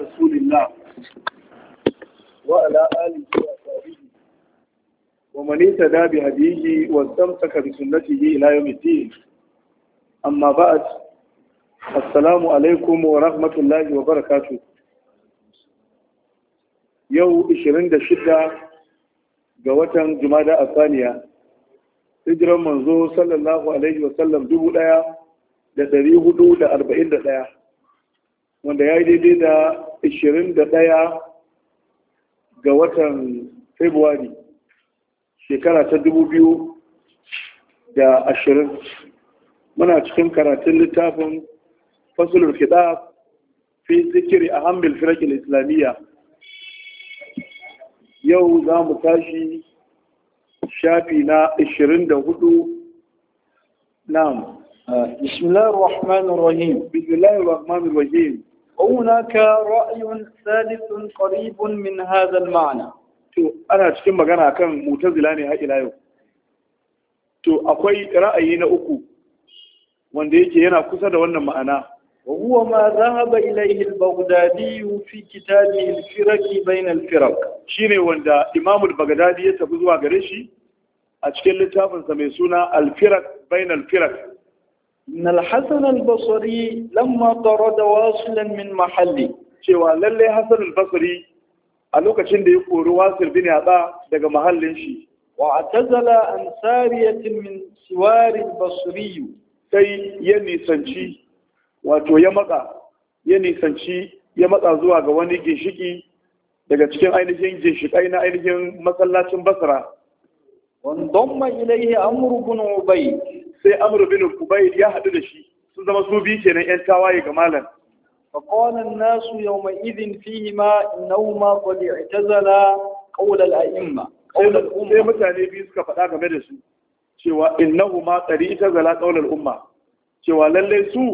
رسول الله وعلى آله وصحبه ومن اهتدى بهديه واستمسك بسنته إلى يوم الدين أما بعد السلام عليكم ورحمة الله وبركاته يوم 26 ga watan jumada a saniya hijiran manzo sallallahu alaihi wasallam 1441 wanda ya yi daidai da 21 ga watan februari shekara ta 2020 muna cikin karatun littafin fasulul fiɗa fi zikiri a hamil firakin islamiyya yau za mu tashi shafi na 24 na'am بسم الله الرحمن الرحيم بسم الله الرحمن الرحيم وهناك رأي ثالث قريب من هذا المعنى to ana cikin magana kan mutazila ne har ila yau to akwai ra'ayi na uku wanda yake yana kusa da wannan ma'ana wa huwa ma zahaba ilayhi al-baghdadi fi kitabihi al-firaq bayna al-firaq shine wanda imam al-baghdadi ya tafi zuwa gare shi a cikin littafin sa mai suna al-firaq bayna al na alhassan albasari lamma tsaro da wasulan min mahalli cewa lallai hassan albasari a lokacin da ya kori wasil bin yatsa daga mahallin shi wa tazala an sariyatin min siwarin basriyu sai ya nisanci wato ya matsa ya nisanci ya matsa zuwa ga wani ginshiki daga cikin ainihin ginshikai na ainihin masallacin basra wanda ma ilaihi amru bin ubay sai amr bin kubayl ya hadu da shi sun zama su biyu kenan yan tawaye ga malam فقال الناس يومئذ فيهما إنهما قد اعتزلا قول الأئمة قول الأمة sai mutane biyu suka faɗa game da su cewa ma innahuma tari'tazala qawl al-umma cewa lalle su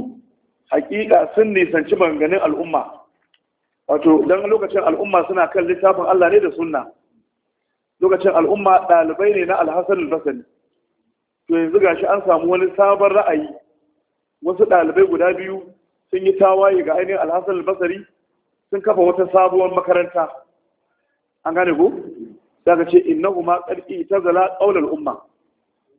hakika sun nisanci banganin al'umma wato don lokacin al'umma suna kan littafin Allah ne da sunna lokacin al'umma ɗalibai ne na alhassan albasari to yanzu gashi an samu wani sabon ra'ayi wasu ɗalibai guda biyu sun yi tawaye ga ainihin alhassan albasari sun kafa wata sabuwar makaranta an gane ko daga ce innahu ma ƙarfi ta zala ƙaunar umma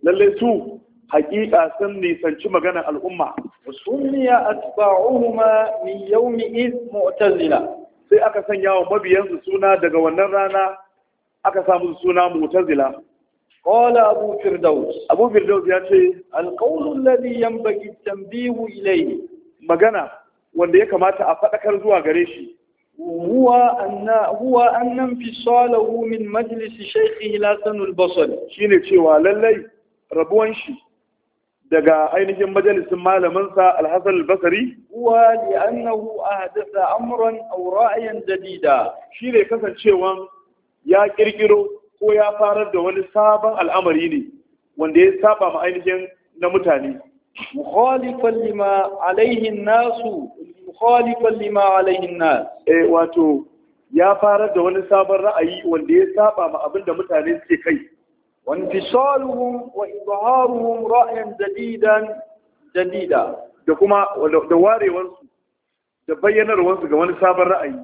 lalle su haƙiƙa sun nisanci maganar al'umma sunniya atba'uhuma min yawmi iz mu'tazila sai aka sanya wa mabiyansu suna daga wannan rana aka samu suna mu'tazila Kola Abu Firdaus. Abu Firdaus ya ce, Alƙaunin lalli yan baki tambihu ilai magana wanda ya kamata a faɗakar zuwa gare shi. Huwa an nan fi salahu min majalisi shaikhi Hassanul Basri shine cewa lallai rabuwan shi daga ainihin majalisin malaminsa Alhassan al-Basri huwa li annahu ahdatha amran aw ra'yan jadida shine kasancewan ya ƙirƙiro. ko ya farar da wani sabon al'amari ne wanda ya saba ma ainihin na mutane mukhalifan lima alaihin nasu mukhalifan lima alaihi nas eh wato ya farar da wani sabon ra'ayi wanda ya saba ma abin da mutane suke kai وانفصالهم وإظهارهم رأيا جديدا جديدا da kuma da warewarsu da bayyanarwarsu ga wani sabon ra'ayi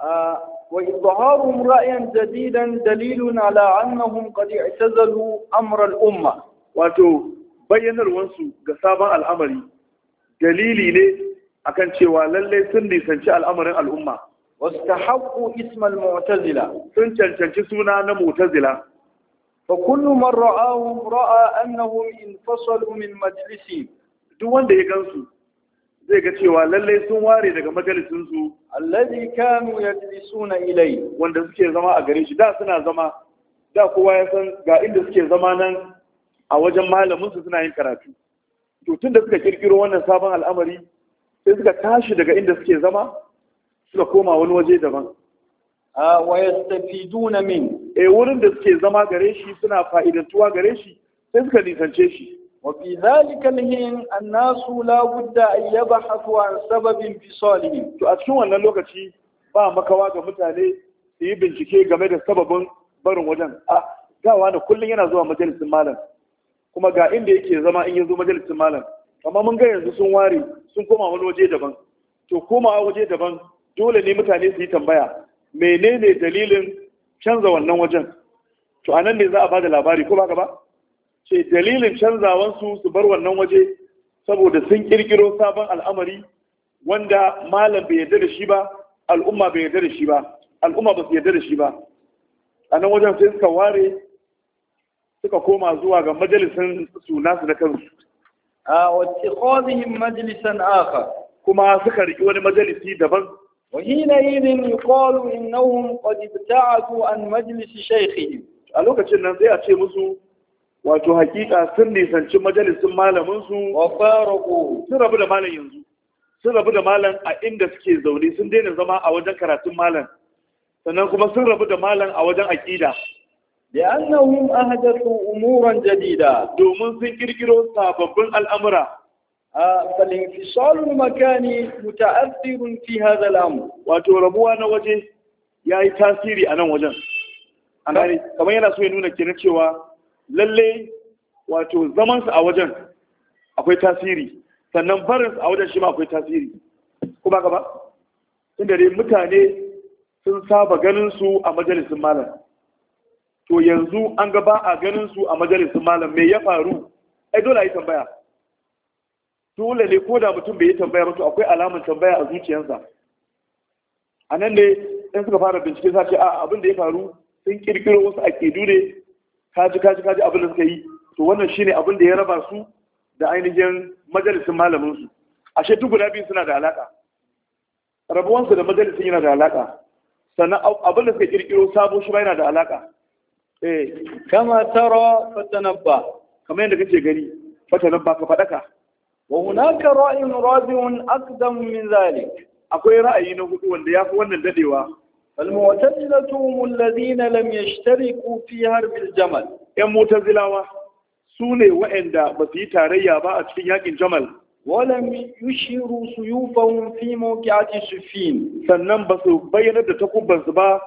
ah, وإظهار رأيا جديدا دليل على أنهم قد اعتزلوا أمر الأمة واتو بيّن ga sabon al'amari dalili ne akan cewa lallai sun nisanci al'amarin al'umma wastahaqqu isma al-mu'tazila sun cancanci suna na mu'tazila fa kullu man ra'ahum ra'a annahum infasalu min majlisi duk wanda ya gansu zai ga cewa lallai sun ware daga majalisinsu allazi kanu yajlisuna ilai wanda suke zama a gare shi da suna zama da kowa ya san ga inda suke zama nan a wajen malaminsu suna yin karatu to tunda suka kirkiro wannan sabon al'amari sai suka tashi daga inda suke zama suka koma wani waje daban a wa yastafiduna min eh wurin da suke zama gare shi suna fa'idantuwa gare shi sai suka nisance shi وفي ذلك الحين الناس لا بد ان يبحثوا عن سبب انفصاله to a cikin wannan lokaci ba makawa ga mutane su yi bincike game da sababin barin wajen a gawa da kullum yana zuwa majalisin malam kuma ga inda yake zama in ya zo majalisin malam amma mun ga yanzu sun ware sun koma wani waje daban to koma waje daban dole ne mutane su yi tambaya menene dalilin canza wannan wajen to anan ne za a bada labari ko ba ka ba ce dalilin canzawansu su bar wannan waje saboda sun kirkiro sabon al'amari wanda malam bai yarda da shi ba al'umma bai yarda da shi ba al'umma ba su yarda da shi ba a nan wajen sai suka ware suka koma zuwa ga majalisan su nasu na kansu a wacce ƙozihin majalisan aka kuma suka riƙi wani majalisi daban ne idin yuqalu innahum qad ibta'atu an majlisi shaykhihim a lokacin nan sai a ce musu wato hakika sun nisanci majalisin malamin su sun rabu da malam yanzu sun rabu da malam a inda suke zaune sun daina zama a wajen karatun malam sannan kuma sun rabu da malam a wajen aqida da annahum ahdathu umuran jadida domin sun kirkiro sababbin al'amura a salin fisalun makani muta'athirun fi hadha al'amr wato rabuwa na waje yayi tasiri a nan wajen kamar yana so ya nuna kenan cewa lalle wato zamansu a wajen akwai tasiri sannan barinsu a wajen shi ma akwai tasiri kuma ka ba inda dai mutane sun saba ganinsu a majalisun malam to yanzu an ga ba a ganinsu a majalisun malam me ya faru ai dole a yi tambaya dole ne ko da mutum bai yi tambaya ba to akwai alamar tambaya a zuciyarsa a nan ne in suka fara bincike za ce a abin da ya faru sun kirkiro wasu akidu ne kaji kaji kaji abin da suka yi to wannan shine abin da ya raba su da ainihin majalisin malamin su ashe duk guda biyu suna da alaka rabuwan su da majalisin yana da alaka sannan abin da suka kirkiro sabo shi ba yana da alaka eh kama tara fatanabba kamar yadda kace gani fatanabba ka fadaka wa hunaka ra'in radiun aqdam min zalik akwai ra'ayi na hudu wanda yafi wannan dadewa المعتزلة هم الذين لم يشتركوا في حرب الجمل ‘yan mutazilawa su ne waɗanda ba su yi tarayya ba a cikin yakin jamal walam yushiru su yufahun fi mawqi'ati sufin sannan ba su bayyana da takubban ba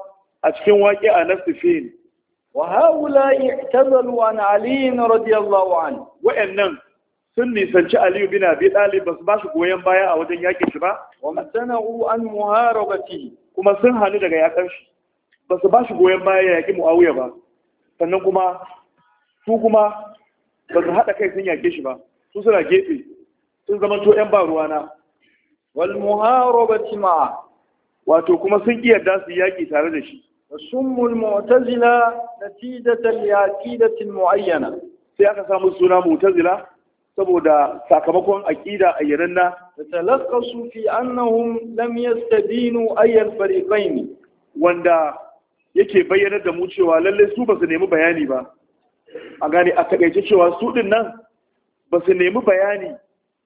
a cikin waƙi a na sufin wa haula i'tazalu an ali radiyallahu an wa'annan sun nisanci aliyu bin biyu talib ba su ba shi goyen baya a wajen yakin shi ba wa masana'u an muharabati kuma sun hannu daga yakan shi ba su ba shi goyon baya ya yaƙi muawiya ba sannan kuma su kuma ba su haɗa kai sun yaƙe shi ba su suna gefe sun zama to ‘yan ba ruwana wal ba wato kuma sun ƙi yarda su yaƙi tare da shi summul mu'tazila natijatan li aqidatin muayyana sai aka samu suna zina saboda sakamakon aƙida aqida na talakkasu fi annahum lam yastadinu ayyal fariqaini wanda yake bayyana da mu cewa lalle su ba su nemi bayani ba a gane a takaice cewa su din nan ba su nemi bayani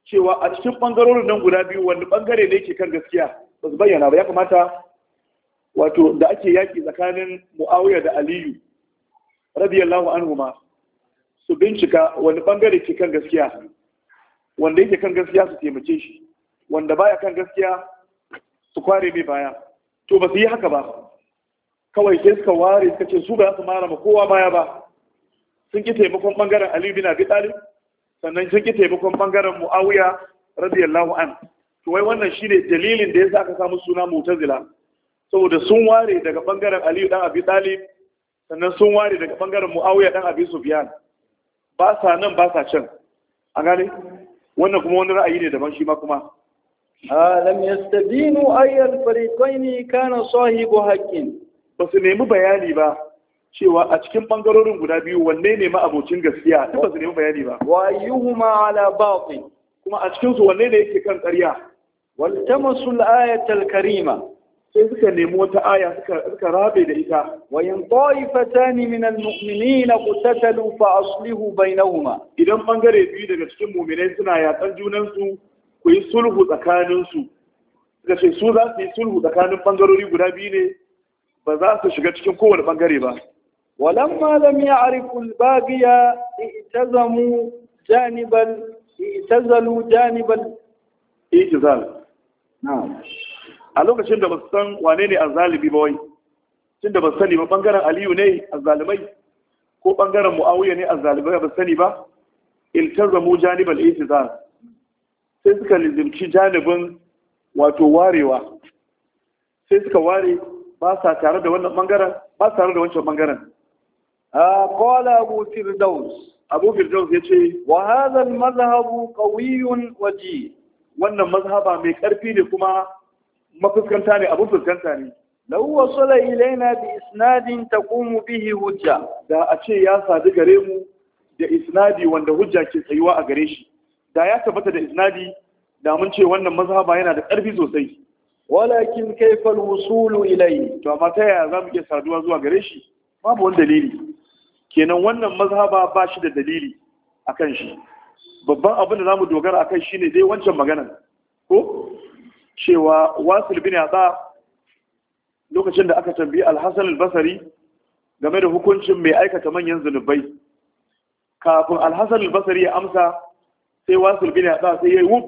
cewa a cikin bangarorin nan guda biyu wani bangare ne yake kan gaskiya ba su bayyana ba ya kamata wato da ake yaki tsakanin muawiya da aliyu radiyallahu anhu ma su bincika wani bangare ke kan gaskiya wanda yake kan gaskiya su taimake shi wanda baya kan gaskiya su kware mai baya to ba su yi haka ba kawai sai suka ware suka ce su ba su mara ma kowa baya ba sun ki taimakon bangaren Ali bin Abi Talib sannan sun ki taimakon bangaren Muawiya radiyallahu an to wai wannan shine dalilin da yasa aka samu suna Mu'tazila saboda sun ware daga bangaren Ali dan Abi Talib sannan sun ware daga bangaren Muawiya dan Abi Sufyan ba sa nan ba sa can a gane wannan kuma wani ra'ayi ne daban shi ma kuma alam yastadinu ayyal fariqain kana sahibu haqqin ba su nemi bayani ba cewa a cikin bangarorin guda biyu wanne ne ma gaskiya duk ba su nemi bayani ba wa ayyuhuma ala batil kuma a cikin su wanne ne yake kan ƙarya wal tamasul ayatal karima sai suka nemi wata aya suka rabe da ita wa in ta'ifatani min almu'minina qutatalu fa aslihu bainahuma idan bangare biyu daga cikin mu'minai suna yatsan junan su ku yi sulhu tsakanin su suka ce su za su yi sulhu tsakanin bangarori guda biyu ne ba za su shiga cikin kowane bangare ba walamma lam ya'rifu al-baghiya i'tazamu janibal i'tazalu janibal i'tizal na'am a lokacin da ba su san wane ne zalibi ba wai tun da ba sani ba bangaren aliyu ne azzalimai ko bangaren muawiya ne azzalimai ba sani ba iltazamu janibal ihtizaz sai suka lizimci janibin wato warewa sai suka ware ba sa tare da wannan bangaren ba sa tare da wancan bangaren qala abu firdaus abu firdaus yace wa hadha al-madhhabu qawiyyun waji wannan mazhaba mai karfi ne kuma mafuskanta ne abin fuskanta ne lau wasala ilaina bi isnadin taqumu bihi hujja da a ce ya sadu gare mu da isnadi wanda hujja ke tsayuwa a gare shi da ya tabbata da isnadi da mun ce wannan mazhaba yana da ƙarfi sosai walakin kai alwusulu ilai. to amma ta yaya zamu iya saduwa zuwa gare shi babu wani dalili kenan wannan mazhaba ba shi da dalili akan shi babban abin da zamu dogara akan shine dai wancan magana ko cewa wasil bin yatsa lokacin da aka tambayi alhassan albasari game da hukuncin mai aikata manyan zunubai kafin alhassan albasari ya amsa sai wasil bin yatsa sai ya yi wuf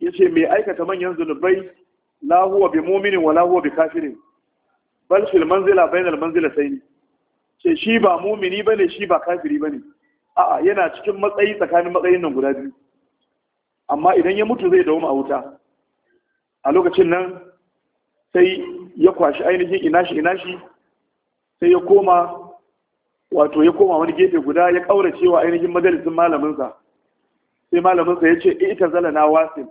ya ce mai aikata manyan zunubai lahuwa bi muminin wa lahuwa bi kafirin bal fil manzila bainal manzila sai ne. ce shi ba mumini bane shi ba kafiri bane a'a yana cikin matsayi tsakanin matsayin nan guda biyu amma idan ya mutu zai dawo a wuta a lokacin nan sai ya kwashi ainihin inashi inashi sai ya koma wato ya koma wani gefe guda ya ƙaura cewa ainihin majalisin malaminsa sai malaminsa ya ce ita zala na wasil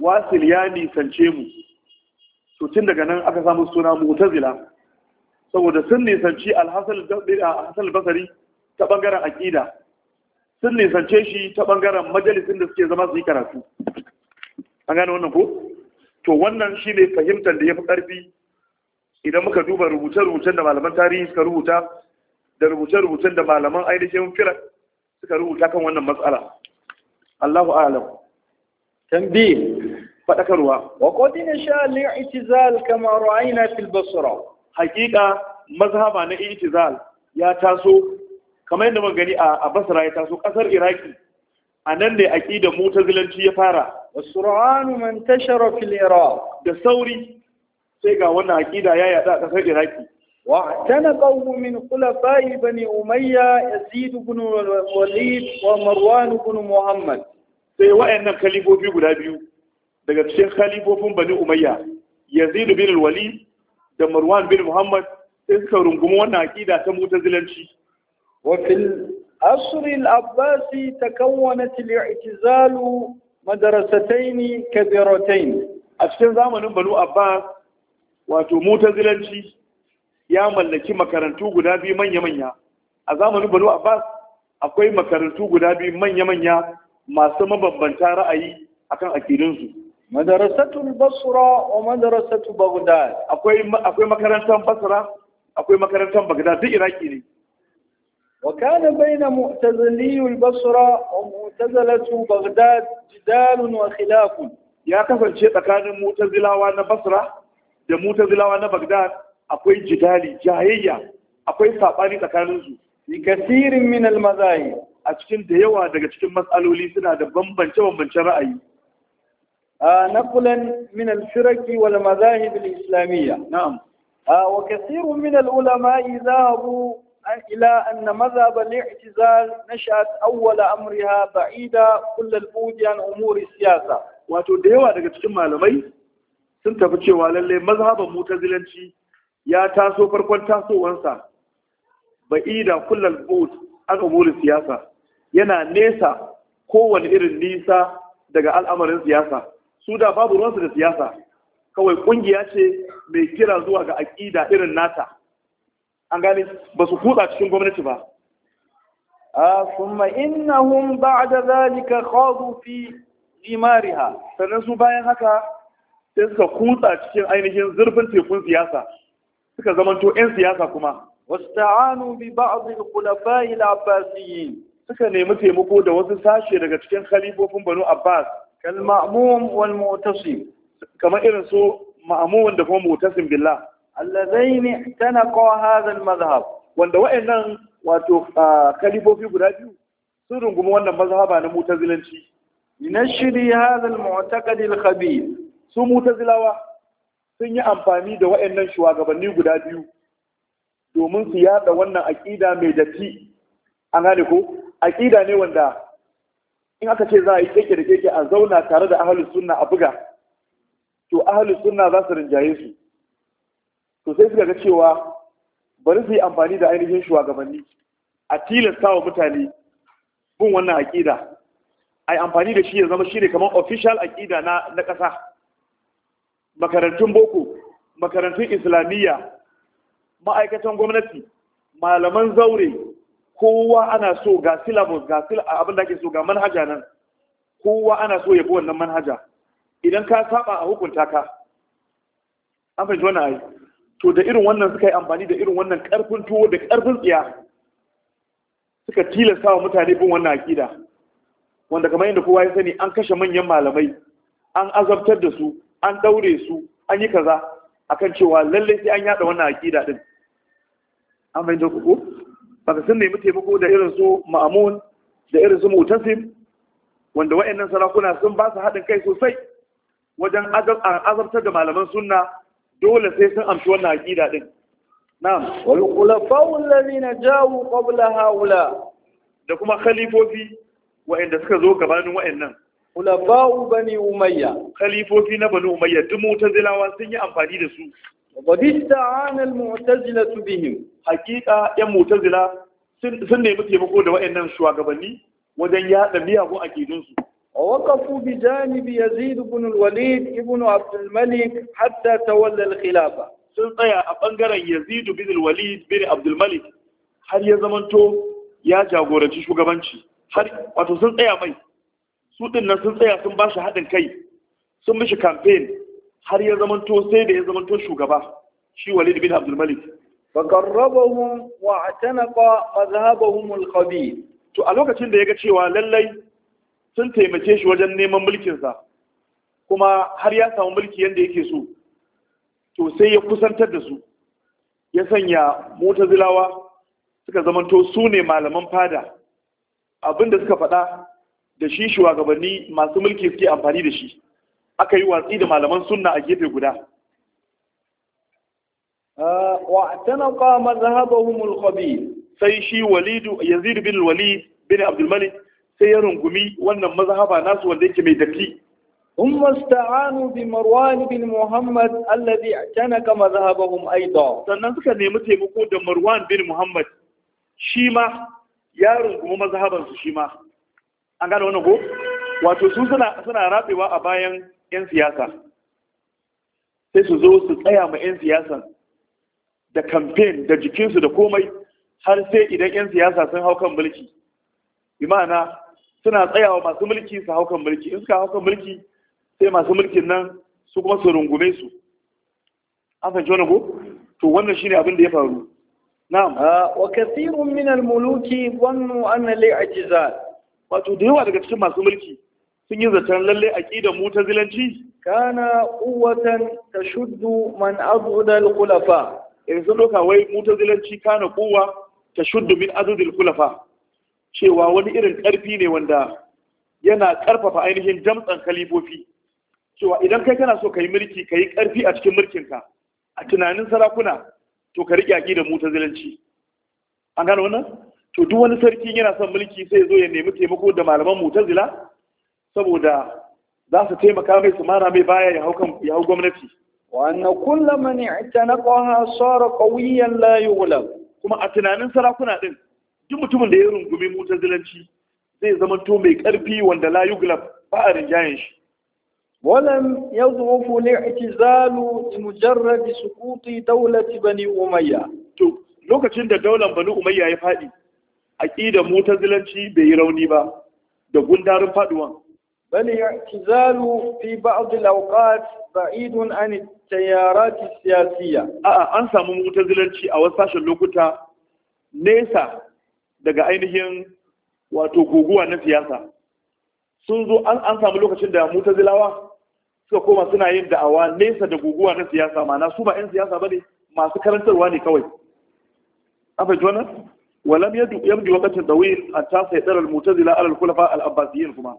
wasil ya nisance mu to tun daga nan aka samu suna mu'tazila saboda sun nisanci alhassan eh, basari ta bangaren aƙida sun nisance shi ta bangaren majalisin da suke zama su yi karatu an gane wannan ko to wannan shi ne fahimtar da ya fi ƙarfi idan muka duba rubuce-rubucen da malaman tarihi suka rubuta da rubuce-rubucen da malaman ainihin fira suka rubuta kan wannan matsala Allahu alam tambi faɗakarwa wa qadina sha li i'tizal kamar ra'ayna fil basra hakika mazhaba na i'tizal ya taso kamar yadda mun gani a Basra ya taso ƙasar Iraki a nan ne ta mutazilanci ya fara wasur'anu man tashara fil iraq da sauri sai ga wannan akida ya yada a kasar iraki wa tana qawmu min khulafai bani umayya yazid ibn walid wa marwan ibn muhammad sai wayannan kalibobi guda biyu daga cikin kalibofin bani umayya yazid bin walid da marwan bin muhammad sai suka rungumi wannan akida ta mutazilanci wa fil asr al abbasi takawwanat al i'tizalu madarasataini kabiratain a cikin zamanin banu abbas wato mutazilanci ya mallaki makarantu guda biyu manya-manya a zamanin banu abbas akwai makarantu guda biyu manya-manya masu mabambanta ra'ayi akan su madarasatul basra wa madarasatu baghdad akwai akwai makarantar basra akwai makarantar baghdad duk iraki ne وكان بين مؤتزلي البصرة ومؤتزلة بغداد جدال وخلاف يا كفر شيء تكان مؤتزلا وانا بصرة da mutazilawa na Baghdad akwai jidali jayayya akwai sabani tsakanin su bi kasirin min a cikin da daga cikin matsaloli suna da bambance bambancen ra'ayi نقلا من islamiyya. A الإسلامية نعم وكثير من العلماء ذهبوا إلى أن مذهب الاعتزال نشأت أول أمرها بعيدة كل البعد siyasa. Wato da yawa daga cikin malamai sun tafi cewa lalle mazhaban mutazilanci ya taso farkon tasowansa ba'ida kullal bu'd an umuri siyasa yana nesa kowane irin nisa daga al'amarin siyasa su da babu ruwansu da siyasa kawai kungiya ce mai kira zuwa ga aƙida irin nata an gane ba su kutsa cikin gwamnati ba kuma innahum da zalika khadu fi sannan su bayan haka sai suka kutsa cikin ainihin zurfin tekun siyasa suka zamanto 'yan siyasa kuma wasta'anu bi ba'd al kula al-abbasiyyin suka nemi taimako da wasu sashe daga cikin khalifofin Banu Abbas kal ma'mum wal kamar irin su ma'mum da kuma mu'tasim billah allazaini ihtanaqa hadha al-madhhab wanda wa'annan wato kalifofi guda biyu sun rungumi wannan mazhaba na mutazilanci linashri hadha al-mu'taqad al-khabir su mutazilawa sun yi amfani da wa'annan shugabanni guda biyu domin su yada wannan aqida mai datti an gane ko aqida ne wanda in aka ce za a yi keke da keke a zauna tare da ahlus sunna a buga to ahlus sunna za su rinjaye su to sai suka ga cewa bari su yi amfani da ainihin shugabanni a tilasta wa mutane bin wannan aƙida a yi amfani da shi ya zama shi ne kamar official aƙida na na ƙasa makarantun boko makarantun islamiyya ma'aikatan gwamnati malaman zaure kowa ana so ga syllabus ga abin da ake so ga manhaja nan kowa ana so ya bi wannan manhaja idan ka saba a hukunta ka an fahimci wannan ayi to da irin wannan suka yi amfani da irin wannan karfin tuwo da karfin tsiya suka tilasta wa mutane bin wannan akida wanda kamar yadda kowa ya sani an kashe manyan malamai an azabtar da su an daure su an yi kaza akan cewa lalle sai an yada wannan akida din an bai da kuku baka sun nemi taimako da irin su ma'amun da irin su mutasim wanda wayannan sarakuna sun ba su haɗin kai sosai wajen azabtar da malaman sunna dole sai sun amshi wannan ɗin. ɗin. na'am wal lari na jawo qabla haula da kuma khalifofi wa'inda suka zo gabanin wa'annan khulafa'u bani umayya khalifofi na bani umayya duk mutazilawa sun yi amfani da su qad ista'ana al-mu'tazila bihim haqiqa ya mu'tazila sun nemi taimako da wa'annan shugabanni wajen yaɗa miyagun aƙidunsu. ووقفوا بجانب يزيد بن الوليد ابن عبد الملك حتى تولى الخلافة sun tsaya a ɓangaren yazidu bin walid bin abdulmalik har ya zamanto ya jagoranci shugabanci har wato sun tsaya mai su dinnan sun tsaya sun ba shi haɗin kai sun mishi kamfen har ya zamanto sai da ya zamanto shugaba shi walid bin abdulmalik fakarrabahum wa atanaka mazhabahum alqabi to a lokacin da yaga cewa lallai sun taimake shi wajen neman mulkinsa kuma har ya samu mulki yadda yake so to sai ya kusantar da su ya sanya zilawa suka zamanto su ne malaman fada abinda suka faɗa da shi shugabanni masu mulki suke amfani da shi aka yi watsi da malaman sunna a gefe guda واعتنق مذهبهم الخبيث sai shi walidu yazid bin walid bin Abdulmalik. sai ya rungumi wannan mazhaba nasu wanda yake mai dafi bi marwan bin muhammad alladhi kana اعتنق mazhabahum ايضا sannan suka nemi taimako da Marwan bin Muhammad shi ma ya rungumi mazhaban su shi ma an gane wannan ko wato su suna suna rabewa a bayan yan siyasa sai su zo su tsaya ma yan siyasan da campaign da jikinsu da komai har sai idan yan siyasa sun hau kan mulki Imana. suna tsayawa masu mulki su haukan mulki in suka haukan mulki sai masu mulkin nan su kuma su rungume su an fahimci wannan ko to wannan shine abin da ya faru na'am ah, wa kathirun min al-muluki wannu anna li ajizal wato da yawa daga cikin masu mulki sun yi zaton lalle aqidar mutazilanci kana quwwatan tashuddu man abda al-khulafa in eh, sun doka wai mutazilanci kana quwwa tashuddu min adud al-khulafa cewa wani irin ƙarfi ne wanda yana ƙarfafa ainihin damtsan kalifofi cewa idan kai kana so ka yi mulki ka yi ƙarfi a cikin mulkinka a tunanin sarakuna to ka riƙe aƙi da mutazilanci an gano wannan to duk wani sarki yana son mulki sai ya zo ya nemi taimako da malaman mutazila saboda za su taimaka mai su mara mai baya ya hau gwamnati wa anna kullu man i'tanaqaha sara qawiyan la yughlab kuma a tunanin sarakuna din duk mutumin da ya rungumi zilanci, zai zama to mai ƙarfi wanda la yuglab ba a rinjayen shi ولم يظرف الاعتزال لمجرد سقوط دولة bani umayya to lokacin da daular bani umayya ya faɗi aƙida zilanci bai yi rauni ba da gundarin faduwan bal i'tizalu fi ba'd al-awqat ba'idun an at-tayarat siyasiyya a'a an samu zilanci a wasu sashen lokuta nesa daga ainihin wato guguwa na siyasa sun zo an samu lokacin da mutazilawa suka koma suna yin da'awa nesa da guguwa na siyasa mana su ba 'yan siyasa ba ne masu karantarwa ne kawai afai jona walam yabdi wakacin dawil a ta sai ɗarar mutazila alal kulafa al'abbasiyin kuma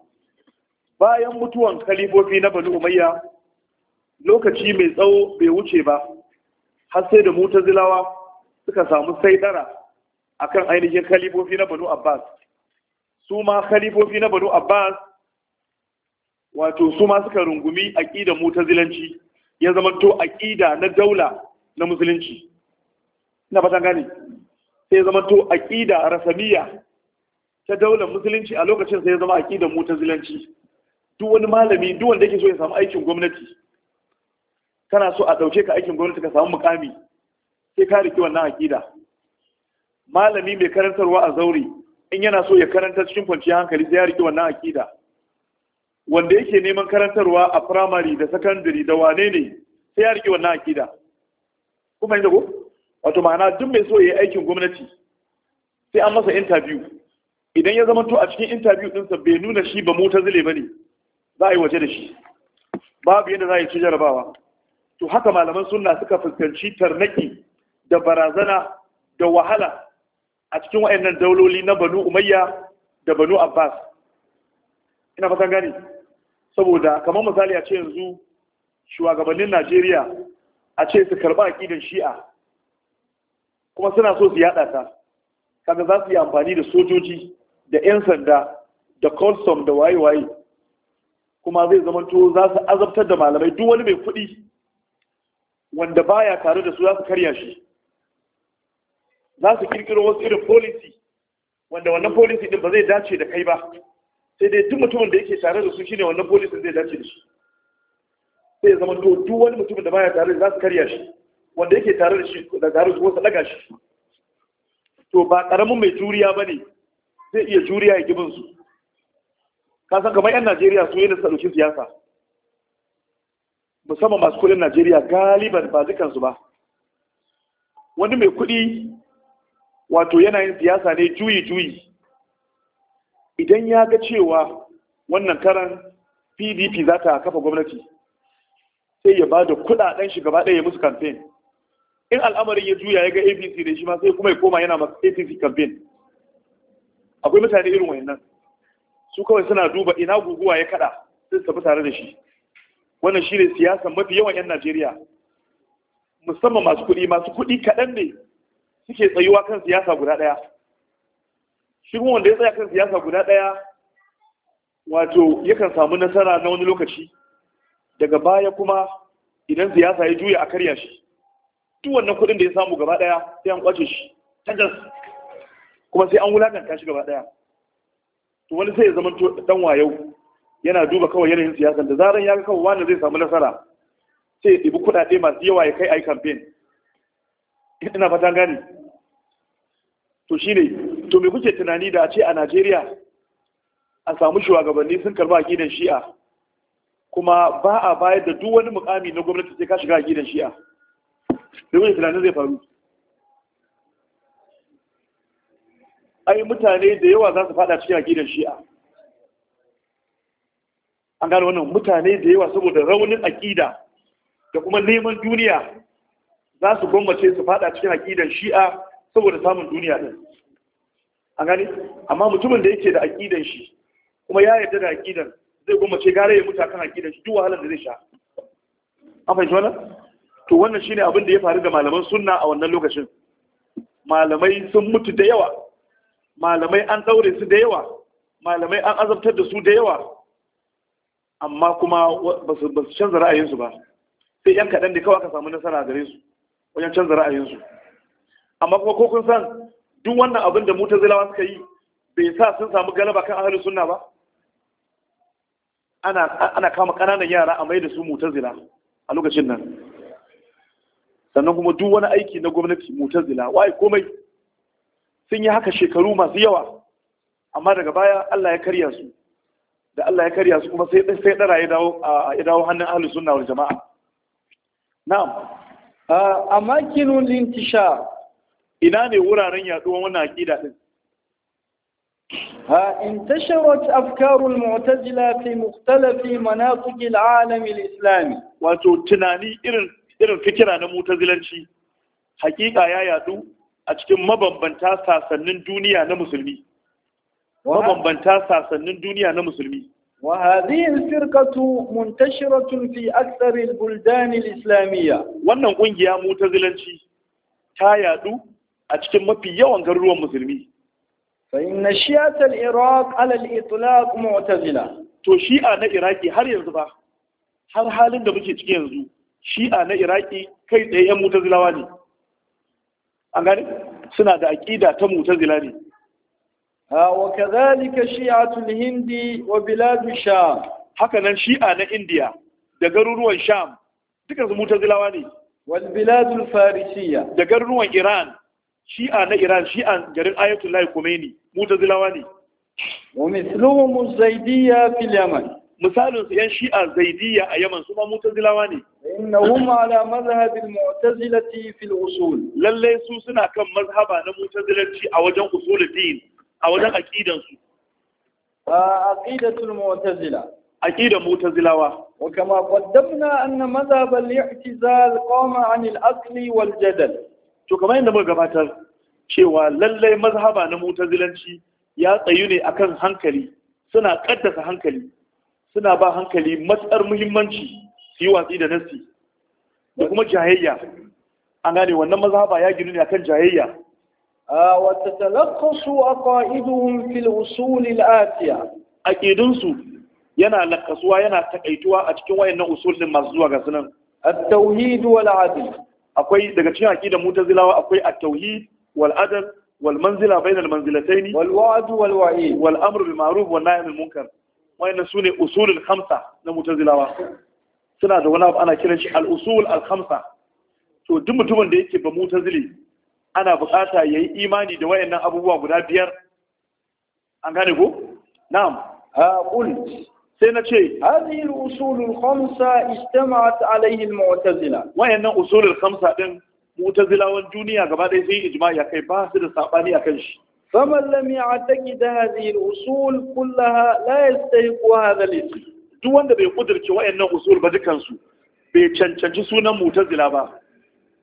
bayan mutuwan kalifofi na bani umayya lokaci mai tsawo bai wuce ba har sai da mutazilawa suka samu sai ɗara akan ainihin khalifofi na banu abbas su ma khalifofi na banu abbas wato su ma suka rungumi aqida mutazilanci ya zama to aqida na daula na musulunci ina fatan gane sai ya zama to aqida rasamiya ta daular musulunci a lokacin sai ya zama aqida mutazilanci duk wani malami duk wanda yake so ya samu aikin gwamnati kana so a ɗauke ka aikin gwamnati ka samu mukami sai ka rike wannan aqida malami mai karantarwa a zaure in yana so ya karanta cikin kwanciyar hankali sai ya riƙe wannan akida wanda yake neman karantarwa a firamare da sakandare da wane ne sai ya riƙe wannan akida kuma yanzu ko wato ma'ana duk mai so ya yi aikin gwamnati sai an masa interview idan ya zama to a cikin interview ɗinsa bai nuna shi ba mota zile ba ne za a yi waje da shi babu yadda za a yi ci jarabawa to haka malaman sunna suka fuskanci tarnaki da barazana da wahala a cikin waɗannan dauloli na banu umayya da banu abbas ina fatan gani saboda kamar misali a ce yanzu shugabannin najeriya a ce su karba aƙidan shi'a kuma suna so su yada ta kaga za su yi amfani da sojoji da 'yan sanda da kolsom da waye-waye kuma zai zamanto za su azabtar da malamai duk wani mai kuɗi wanda baya tare da su za su karya shi za su kirkiro wasu irin policy wanda wannan policy din ba zai dace da kai ba sai dai duk mutumin da yake tare da su shine wannan policy zai dace da shi sai zama to duk wani mutumin da baya tare za su karya shi wanda yake tare da shi da tare su wasu daga shi to ba karamin mai juriya bane zai iya juriya ya gibin su ka san kamar yan Najeriya su yana su dauki siyasa musamman masu kudin Najeriya galiban ba dukansu ba wani mai kudi wato yanayin siyasa ne juyi-juyi idan ya ga cewa wannan karan pdp za ta kafa gwamnati sai ya ba da kudaden shi gaba ɗaya musu kamfen in al'amarin ya juya ya ga apc da shi ma sai kuma ya koma yana masu apc kamfen akwai mutane irin wayannan su kawai suna duba ina guguwa ya kada sai tafi tare da shi wannan shi ne siyasan mafi yawan 'yan najeriya musamman masu kuɗi masu kuɗi kaɗan ne suke tsayuwa kan siyasa guda ɗaya shirin wanda ya tsaya kan siyasa guda ɗaya wato yakan samu nasara na wani lokaci daga baya kuma idan siyasa ya juya a karya shi duk wannan kuɗin da ya samu gaba ɗaya sai an kwace shi tajas kuma sai an wulaƙanta shi gaba ɗaya to wani sai ya zama dan wayau yana duba kawai yanayin siyasa da zaran ya ga kawai wani zai samu nasara sai ya ɗibi kuɗaɗe masu yawa ya kai ai campaign ina fatan gani to shi ne to me kuke tunani da a ce a najeriya a samu shugabanni sun karba aƙidan shi'a kuma ba a bayar da duk wani mukami na gwamnati sai ka shiga aƙidan shi'a da kuke tunanin zai faru ai mutane da yawa za su fada cikin aƙidan shi'a an gano wannan mutane da yawa saboda raunin aƙida da kuma neman duniya za su gwammace su fada cikin aƙidan shi'a saboda samun duniya ɗin a gani amma mutumin da yake da aƙidan shi kuma ya yarda da aƙidan zai goma ce gare ya mutu akan aƙidan shi duk wahalar da zai sha an fahimci wannan to wannan shine abin da ya faru da malaman sunna a wannan lokacin malamai sun mutu da yawa malamai an daure su da yawa malamai an azabtar da su da yawa amma kuma ba su canza ra'ayinsu ba sai yan kaɗan da kawai aka samu nasara gare su wajen canza ra'ayinsu amma kuma ko kun san duk wannan abin da mutazilawa suka yi bai sa sun samu galaba kan ahlus sunna ba ana ana kama kananan yara a mai da su mutazila a lokacin nan sannan kuma duk wani aiki na gwamnati mutazila wai komai sun yi haka shekaru masu yawa amma daga baya Allah ya karya su da Allah ya karya su kuma sai sai dara ya dawo ya dawo hannun ahlus sunna wal jama'a na'am ah, Amma kinun intishar ina ne wuraren yaduwan wannan aqida din ha intasharat afkarul mu'tazila fi mukhtalafi manaqib al'alam al-islami wato tunani irin irin fikira na mutazilanci hakika ya yadu a cikin mabambanta sasannin duniya na musulmi mabambanta sasannin duniya na musulmi وهذه الفرقة منتشرة في أكثر wannan kungiya mutazilanci ta yadu a cikin mafi yawan garuruwan musulmi fa na shiyatar iraq ala kuma wata zina to shi'a na iraki har yanzu ba har halin da muke ciki yanzu shi'a na iraki kai tsaye yan zilawa ne an gane suna da aƙida ta zila ne wa kadhalika shi'atul hindi wa biladu sham haka nan shi'a na indiya da garuruwan sham dukansu mutar zilawa ne wal biladul farisiyya da garuruwan iran shi'a na iran shi'an garin ayatollah khomeini mutazilawa ne wa mithluhum zaidiyya fil yaman misalin su yan shi'a zaidiyya a yaman su ma mutazilawa ne innahum ala mazhabil mu'tazilati fil usul lalle su suna kan mazhaba na mu'tazilanci a wajen usuluddin a wajen aqidan su a aqidatul mu'tazila aqidan mu'tazilawa wa kama qaddamna anna mazhab al-i'tizal qama 'an al-aqli wal jadal to kamar yadda muka gabatar cewa lallai mazhaba na mutazilanci ya tsayu ne akan hankali suna kaddasa hankali suna ba hankali matsar muhimmanci su yi watsi da nasi da kuma jayayya an gane wannan mazhaba ya ginu ne akan jayayya وتتلقص yana في yana yana a cikin ينا لقصوا ينا masu zuwa ga sunan المرزوة غسنا التوحيد والعدل akwai daga cikin aqidar mutazilawa akwai at-tauhid wal adl wal manzila bayna al manzilatayn wal wa'd wal wa'id wal amr bil ma'ruf wan nahy anil munkar wayannan sune al khamsa na mutazilawa suna da wani abu ana kiran shi al-usul al-khamsa to duk mutumin da yake ba mutazili ana bukata yayi imani da wayannan abubuwa guda biyar an gane ko na'am ha qul sai na ce hadhihi al-usul al-khamsa ijtama'at alayhi al-mu'tazila wayannan usul al-khamsa din mu'tazilawan duniya gaba ɗaya sai ijma'i kai ba su da sabani akan shi faman lam ya'taqid hadhihi al-usul kullaha la yastahiqu hadha al-ism duk wanda bai kudirce wayannan usul ba dukan bai cancanci sunan mu'tazila ba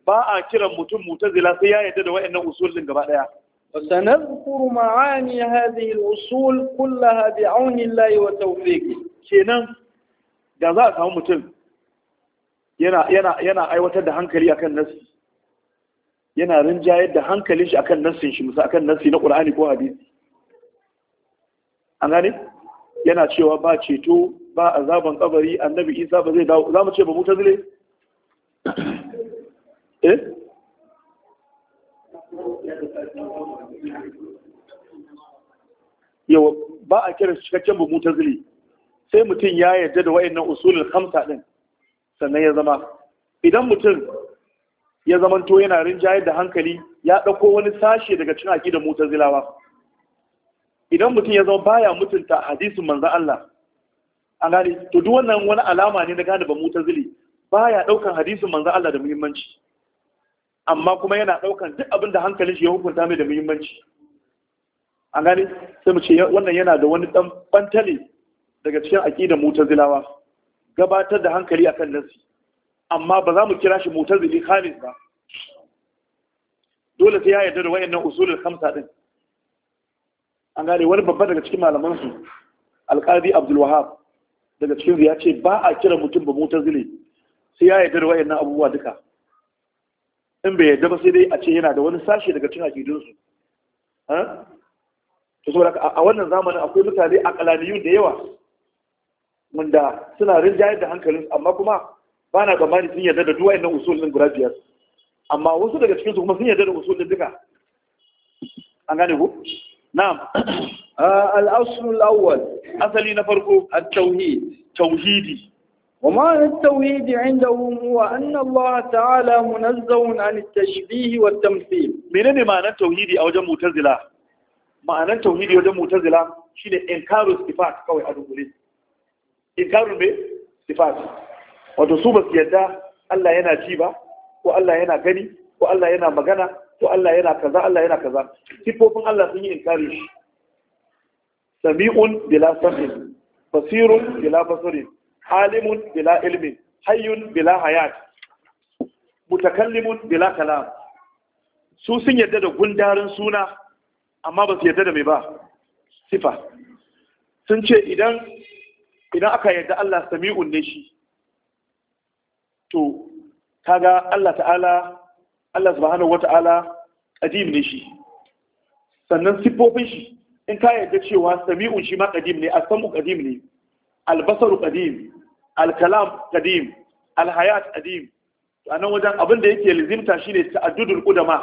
ba a kiran mutum mu'tazila sai ya yarda da wayannan usulin gaba ɗaya وسنذكر معاني هذه الأصول كلها بعون الله وتوفيقه kenan da za a samu mutum yana aiwatar da hankali akan nassi yana rinjayar da hankalin shi akan nassin shi musa akan nassi na Qur'ani ko hadisi an gani? yana cewa ba ceto ba azaban kabari annabi Isa ba zai dawo za mu ce ba mutazile eh Yau, ba a kira cikakken bu zili sai mutum ya yarda da wayannan usulin khamsa din sannan ya zama idan mutum ya to yana rinjayar da hankali ya ɗauko wani sashe daga cin mutar zilawa. idan mutum ya zama baya mutunta hadisin manzan Allah an gani, to duwannan wani alama ne na gane ba zili baya ɗaukan hadisin manzan Allah da muhimmanci amma kuma yana ɗaukan duk abin da hankalin shi ya hukunta mai da muhimmanci an gani sai mu ce wannan yana da wani ɗan bantale daga cikin aƙidar mutazilawa gabatar da hankali akan nasi amma ba za mu kira shi mutazili khalis ba dole sai ya yarda da wayannan usulul khamsa din an gane wani babba daga cikin malaman su alqadi abdul wahab daga cikin ya ce ba a kira mutum ba mutazili sai ya yarda da wayannan abubuwa duka in bai yadda ba sai dai a ce yana da wani sashe daga cin akidunsu to saboda a wannan zamanin akwai mutane a akalaniyun da yawa wanda suna rinjayar da hankalin amma kuma ba na tsammani sun yarda da duwa inda usul guda biyar amma wasu daga cikinsu kuma sun yarda da usul duka an gane ku na'am ah, al-asl awwal asali na farko at-tauhid tauhidi ومعنى التوحيد عندهم هو أن الله تعالى منزه عن التشبيه والتمثيل منين معنى التوحيد أو جم متزلة معنى التوحيد أو جم متزلة شيء إنكار الصفات كوي أدوبلي إنكار به صفات وتصوب السيادة الله ينا جيبا والله ينا غني والله ينا مغنى والله ينا كذا الله ينا كذا صفوفن الله سنين إنكار سميع بلا سمع بصير بلا بصير alimun bila ilmin hayyun bila hayat mutakallimun bila kalam su sun yadda da gundarin suna amma ba su yadda da mai ba sifa sun ce idan idan aka yadda Allah sami'un ne shi to kaga Allah ta'ala Allah subhanahu wata'ala qadim ne shi sannan sifofin shi in ka yadda cewa sami'un shi ma qadim ne as-samu qadim ne albasaru basaru qadim Alkalam kadim alhayat kadim hayat a nan wajen abin da yake lizimta shine ta'addudul qudama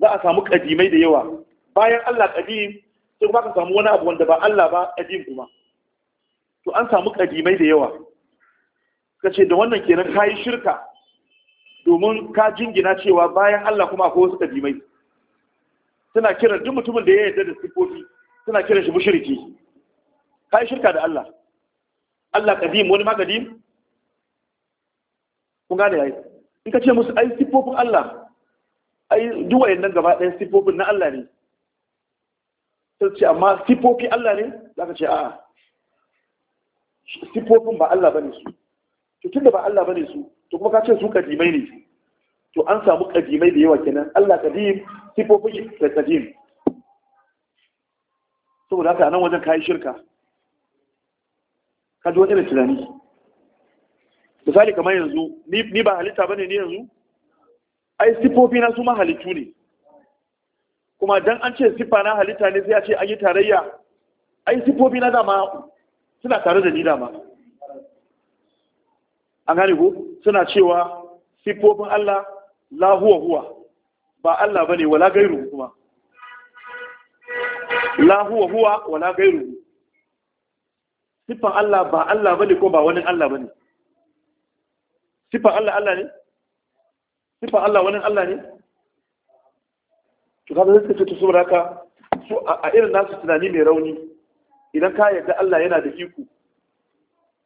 za a samu kadimai da yawa bayan Allah kadim sai kuma ka samu wani abu wanda ba Allah ba kadim kuma to an samu kadimai da yawa kace da wannan kenan kai shirka domin ka jingina cewa bayan Allah kuma akwai wasu kadimai suna kiran duk mutumin da ya yarda da sifofi suna kiran shi mushriki kai shirka da Allah Allah kadim wani ma kadim kun gane yayi in ka ce musu ai sifofin Allah ai duk wayannan gaba ɗayan sifofin na Allah ne sai ce amma sifofi Allah ne zaka ce a'a sifofin ba Allah bane su to tunda ba Allah bane su to kuma ka ce su kadimai ne to an samu kadimai da yawa kenan Allah kadim sifofin kadim saboda haka nan wajen yi shirka ka ji wani irin tunani misali kamar yanzu ni ba halitta bane ni yanzu ai sifofi na su ma halittu ne kuma dan an ce sifa na halitta ne sai a ce an yi tarayya ai sifofi na dama suna tare da ni dama an gane ko suna cewa sifofin Allah la huwa huwa ba Allah bane wala gairu kuma la huwa huwa wala gairu siffan Allah ba Allah bane ko ba wani Allah bane siffan Allah Allah ne siffan Allah wani Allah ne to da zai ce to saboda haka su a irin nasu tunani mai rauni idan ka yarda Allah yana da iko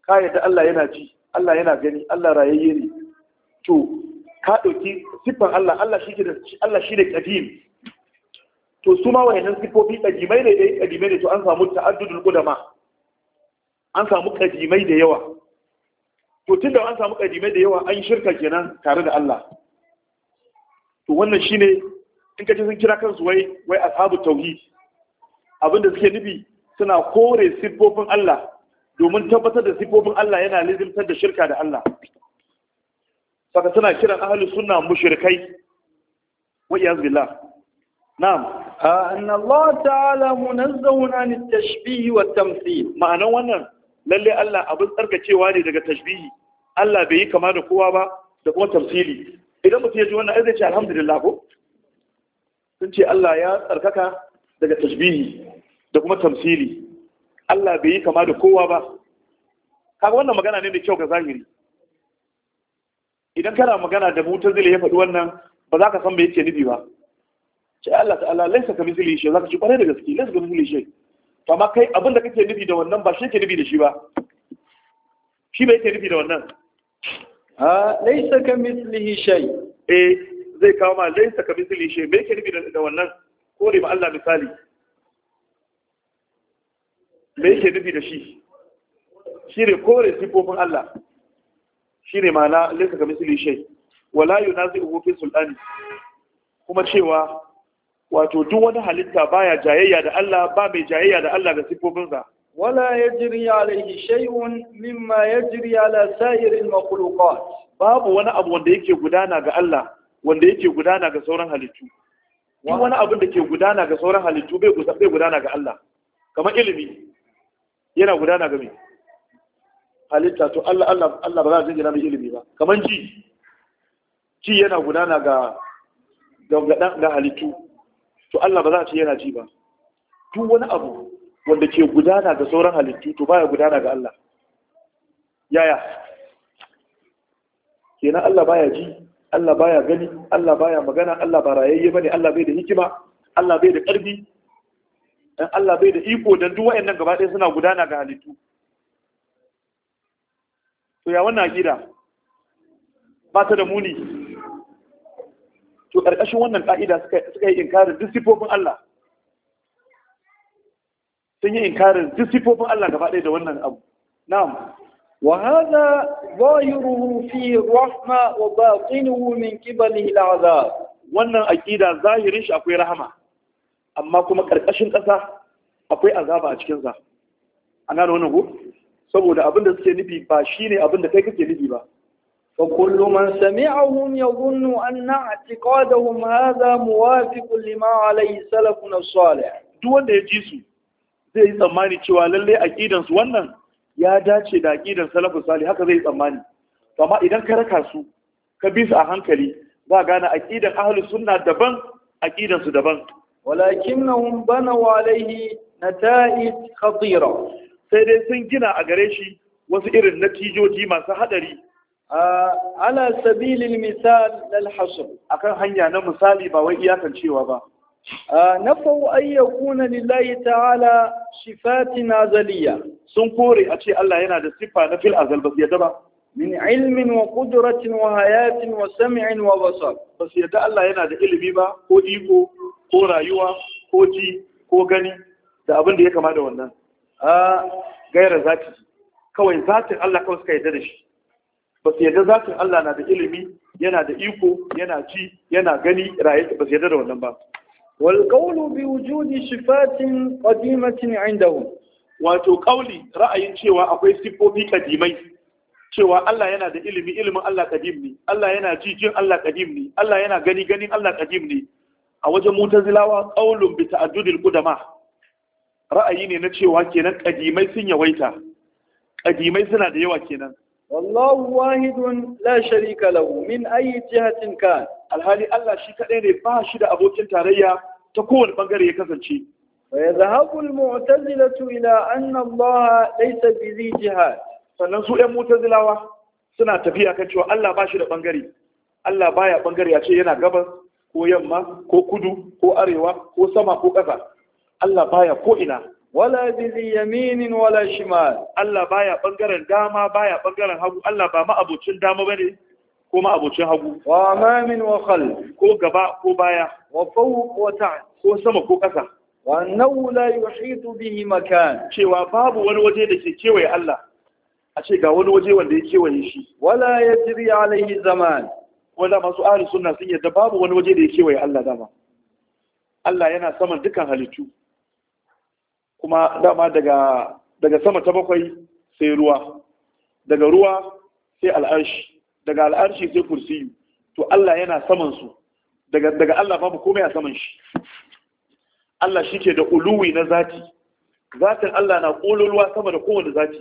ka yarda Allah yana ji Allah yana gani Allah rayayye ne to ka ɗauki siffan Allah Allah shi da Allah shi da ƙadim. to su ma yanzu siffofi ƙadimai ne dai kadimai ne to an samu ta'addudul gudama. an samu kadimai da yawa to da an samu kadimai da yawa an shirka kenan tare da Allah to wannan shine in kace sun kira kansu wai wai ashabu tauhid abinda suke nufi suna kore siffofin Allah domin tabbatar da siffofin Allah yana lizimtar da shirka da Allah saka suna kiran ahli sunna mushrikai wa iyaz billah نعم الله تعالى منزه عن التشبيه والتمثيل معنى wannan lalle Allah abin tsarkacewa ne daga tashbihi Allah bai yi kama da kowa ba da kuma tamsili idan mutum ya ji wannan zai ce alhamdulillah ko sun ce Allah ya tsarkaka daga tashbihi da kuma tamsili Allah bai yi kama da kowa ba kaga wannan magana ne mai kyau ga zahiri idan kana magana da mu zile ya faɗi wannan ba za ka san me yake nufi ba ce Allah ta'ala laisa ka misli shi zaka ci kwarai da gaske laisa ka misli shi to amma kai abin da kake nufi da wannan ba shi yake nufi da shi ba shi bai yake nufi da wannan a laisa ka mislihi shay eh zai kawo ma laisa ka mislihi shay me yake nufi da wannan kore ma Allah misali me yake nufi da shi shi ne kore sifofin Allah shi ne ma na laisa ka mislihi shay wala yunazi'uhu fi sultani kuma cewa wato duk wani halitta baya jayayya da Allah ba mai jayayya da Allah da sifofinsa wala yajri alaihi shay'un mimma yajri ala sa'iril makhluqat babu wani abu wanda yake gudana ga Allah wanda yake gudana ga sauran halittu duk wani abu da ke gudana ga sauran halittu bai gudana ga Allah kamar ilimi yana gudana ga me halitta to Allah Allah Allah ba za ji jingina mai ilimi ba kamar ji ji yana gudana ga ga halittu to Allah ba za a ce yana ji ba duk wani abu wanda ke gudana ga sauran halittu to baya gudana ga Allah yaya kenan Allah baya ji Allah baya gani Allah baya magana Allah ba rayayye bane Allah bai da hikima Allah bai da ƙarfi dan Allah bai da iko dan duk wayannan gaba ɗaya suna gudana ga halittu to ya wannan akida ba ta da muni to ƙarƙashin wannan ƙa'ida suka yi inkarin duk Allah sun yi inkarin duk Allah gaba ɗaya da wannan abu na'am wa hadha zahiruhu fi rahma wa batinuhu min qibalihi al'azab wannan aqida zahirin shi akwai rahama amma kuma ƙarƙashin ƙasa akwai azaba a cikin sa an gane wannan ko saboda abin da suke nufi ba shine abin da kai kake nufi ba وكل من سمعهم يظن أن اعتقادهم هذا موافق لما عليه سلفنا الصالح duk wanda ya ji su zai yi tsammani cewa lallai aqidan su wannan ya dace da aƙidan salafus salih haka zai tsammani to idan ka raka su ka bi su a hankali za gane aqidan ahlus sunna daban aqidan su daban walakinnahum banaw alaihi nata'ij khatira sai dai sun gina a gare shi wasu irin natijoji masu haɗari. ala sabilil misal lal hasr akan hanya na misali ba wai iyakan cewa ba nafau ay yakuna lillahi ta'ala sifatin azaliya sun kore a ce Allah yana da siffa na fil azal ba ba min ilmin wa qudratin wa hayatin wa sam'in wa basar ba yadda Allah yana da ilimi ba ko iko ko rayuwa ko ji ko gani da abin da ya kama da wannan a gaira zati kawai zatin Allah kawai suka yarda da shi ba su yarda zatin Allah na da ilimi yana da iko yana ci yana gani raye ba su yarda da wannan ba wal qawlu bi wujudi sifatin qadimatin indahum wato qawli ra'ayin cewa akwai sifofi kadimai cewa Allah yana da ilimi ilimin Allah kadim ne Allah yana ji jin Allah kadim ne Allah yana gani ganin Allah kadim ne a wajen mutazilawa qawlun bi ta'addudil qudama ra'ayi ne na cewa kenan kadimai sun yawaita kadimai suna da yawa kenan wallahu wahidun la sharika lahu min ayi jihatin ka. alhali Allah shi kadai ne ba shi da abokin tarayya ta kowane bangare ya kasance ويذهب المعتزلة إلى أن الله ليس بذي جهاد sannan su ‘yan mutazilawa suna tafiya kan cewa Allah ba shi da bangare, Allah baya bangare a ce yana gabas ko yamma ko kudu ko arewa ko sama ko ƙasa Allah baya ko ina wala bizi yaminin wala shimal Allah baya bangaren dama baya bangaren hagu Allah ba ma'abucin dama bane ko ma'abucin hagu wa amamin wa khal ko gaba ko baya wa fawq wa ta'a ko sama ko ƙasa wa annahu la yuhitu bihi makan cewa babu wani waje da ke kewaye Allah a ce ga wani waje wanda ya kewaye shi wala yajri alaihi zaman wanda masu ahli sunna sun yadda babu wani waje da ya kewaye Allah dama Allah yana saman dukan halittu kuma dama daga daga sama ta bakwai sai ruwa daga ruwa sai al'arshi daga al'arshi sai kursiyu to Allah yana saman su daga daga Allah babu komai a saman shi Allah shi ke da uluwi na zati zatin Allah na kololuwa sama da kowane zati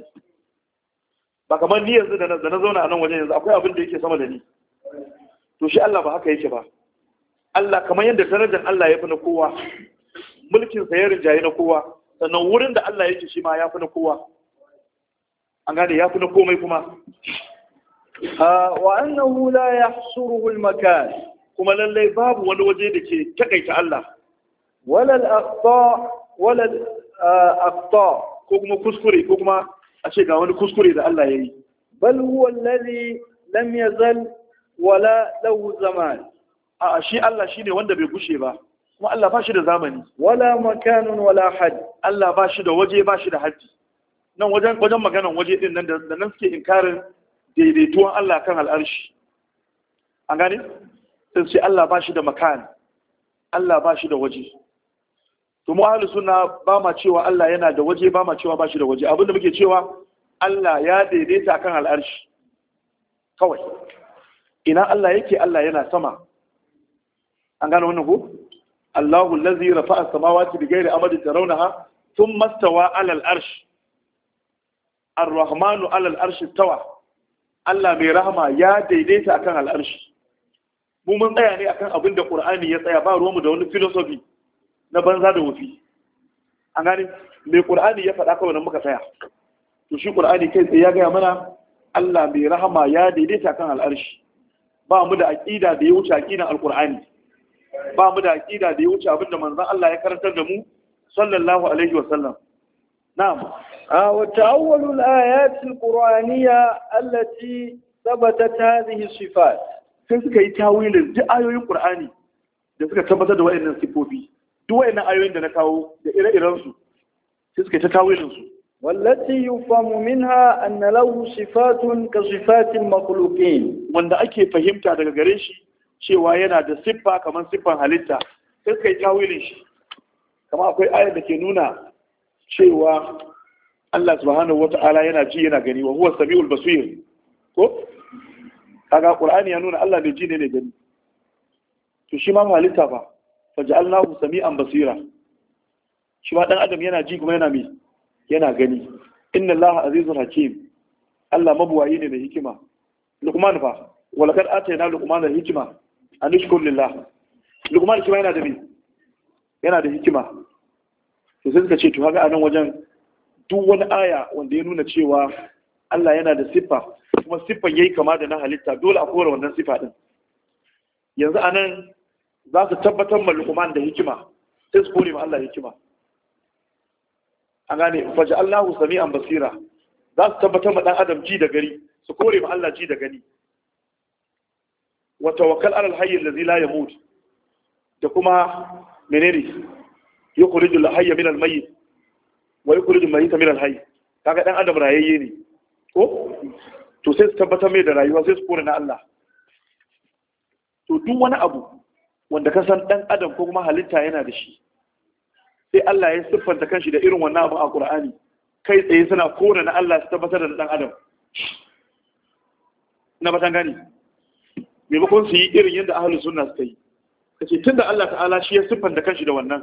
ba kamar ni yanzu da na zauna a nan wajen yanzu akwai abin da yake sama da ni to shi Allah ba haka yake ba Allah kamar yadda darajar Allah ya fi na kowa mulkin sa ya rinjaye na kowa sannan wurin da Allah yake shi ma ya fi na kowa an gane ya fi na komai kuma ah, wa annahu la yahsuruhu al-makan kuma lallai babu wani waje da ke takaita Allah wala al-aqta wala al-aqta ah, ko kuma kuskure ko kuma a ce ga wani kuskure da Allah yayi bal huwa alladhi lam yazal wala lahu zaman a shi Allah shine wanda bai gushe ba kuma Allah ba shi da zamani wala makanun wala had Allah ba shi da waje ba shi da haddi nan wajen wajen maganan waje din nan da nan suke inkarin daidaituwan Allah kan al'arshi an gane sun ce Allah ba shi da makan Allah ba shi da waje to mu ahli sunna ba ma cewa Allah yana da waje ba ma cewa ba shi da waje abinda muke cewa Allah ya daidaita kan al'arshi kawai ina Allah yake Allah yana sama an gane wannan ko Allahu allazi rafa'a samawati bighairi amadin tarawnaha thumma istawa 'ala al-arsh ar-rahmanu 'ala Allah mai rahama ya daidaita akan al arshi. mu mun tsaya ne akan abin da ƙur'ani ya tsaya ba ruwanmu da wani filosofi na banza da wufi an gani mai ƙur'ani ya faɗa kawai nan muka tsaya to shi kai tsaye ya gaya mana Allah mai rahama ya daidaita kan al'arshi ba mu da aƙida da ya wuce aƙidan al-Qur'ani ba mu da aqida da ya wuce abinda manzon Allah ya karantar da mu sallallahu alaihi wa sallam na'am wa ta'awwalu al-ayat al-qur'aniyya allati thabatat hadhihi sifat sai suka yi tawilin duk ayoyin qur'ani da suka tabbatar da wayannan sifofi duk wayannan ayoyin da na kawo da ire-iren su sai suka yi ta tawilin su wallati yufamu minha anna lahu sifatun ka sifatil makhluqin wanda ake fahimta daga gare shi cewa yana da siffa kamar siffan halitta sai suka yi tawilin shi kama akwai ayar da ke nuna cewa Allah subhanahu wata'ala yana ji yana gani wa huwa sabiul basir ko kaga qur'ani ya nuna Allah bai ji ne ne gani to shi ma halitta ba faj'alnahu sami'an basira shi ma dan adam yana ji kuma yana mi yana gani inna Allah azizun hakim Allah mabuwayi ne mai hikima Luqman fa walakad atayna Luqman al-hikma an ishkur lillah lukman shi yana da me yana da hikima sai suka ce to haka anan wajen duk wani aya wanda ya nuna cewa Allah yana da siffa kuma siffan yayi kama da na halitta dole a kore wannan siffa din yanzu anan za su tabbatar ma lukman da hikima sai su kore ma Allah hikima an gane faja Allahu sami'an basira za su tabbatar ma dan adam ji da gari su kore ma Allah ji da gani wa tawakkal alal hayy allazi la yamut da kuma menene yukhrijul hayya min al mayyit wa yukhrijul ta min al hayy kaga dan adam rayayye ne ko to sai su tabbatar mai da rayuwa sai su kore na Allah to duk wani abu wanda ka san dan adam ko kuma halitta yana da shi sai Allah ya siffanta kanshi da irin wannan abu a Qur'ani kai tsaye suna kore na Allah su tabbatar da dan adam na batan gani maimakon su yi irin yadda ahli sunna suka yi tun da Allah ta'ala shi ya da kanshi da wannan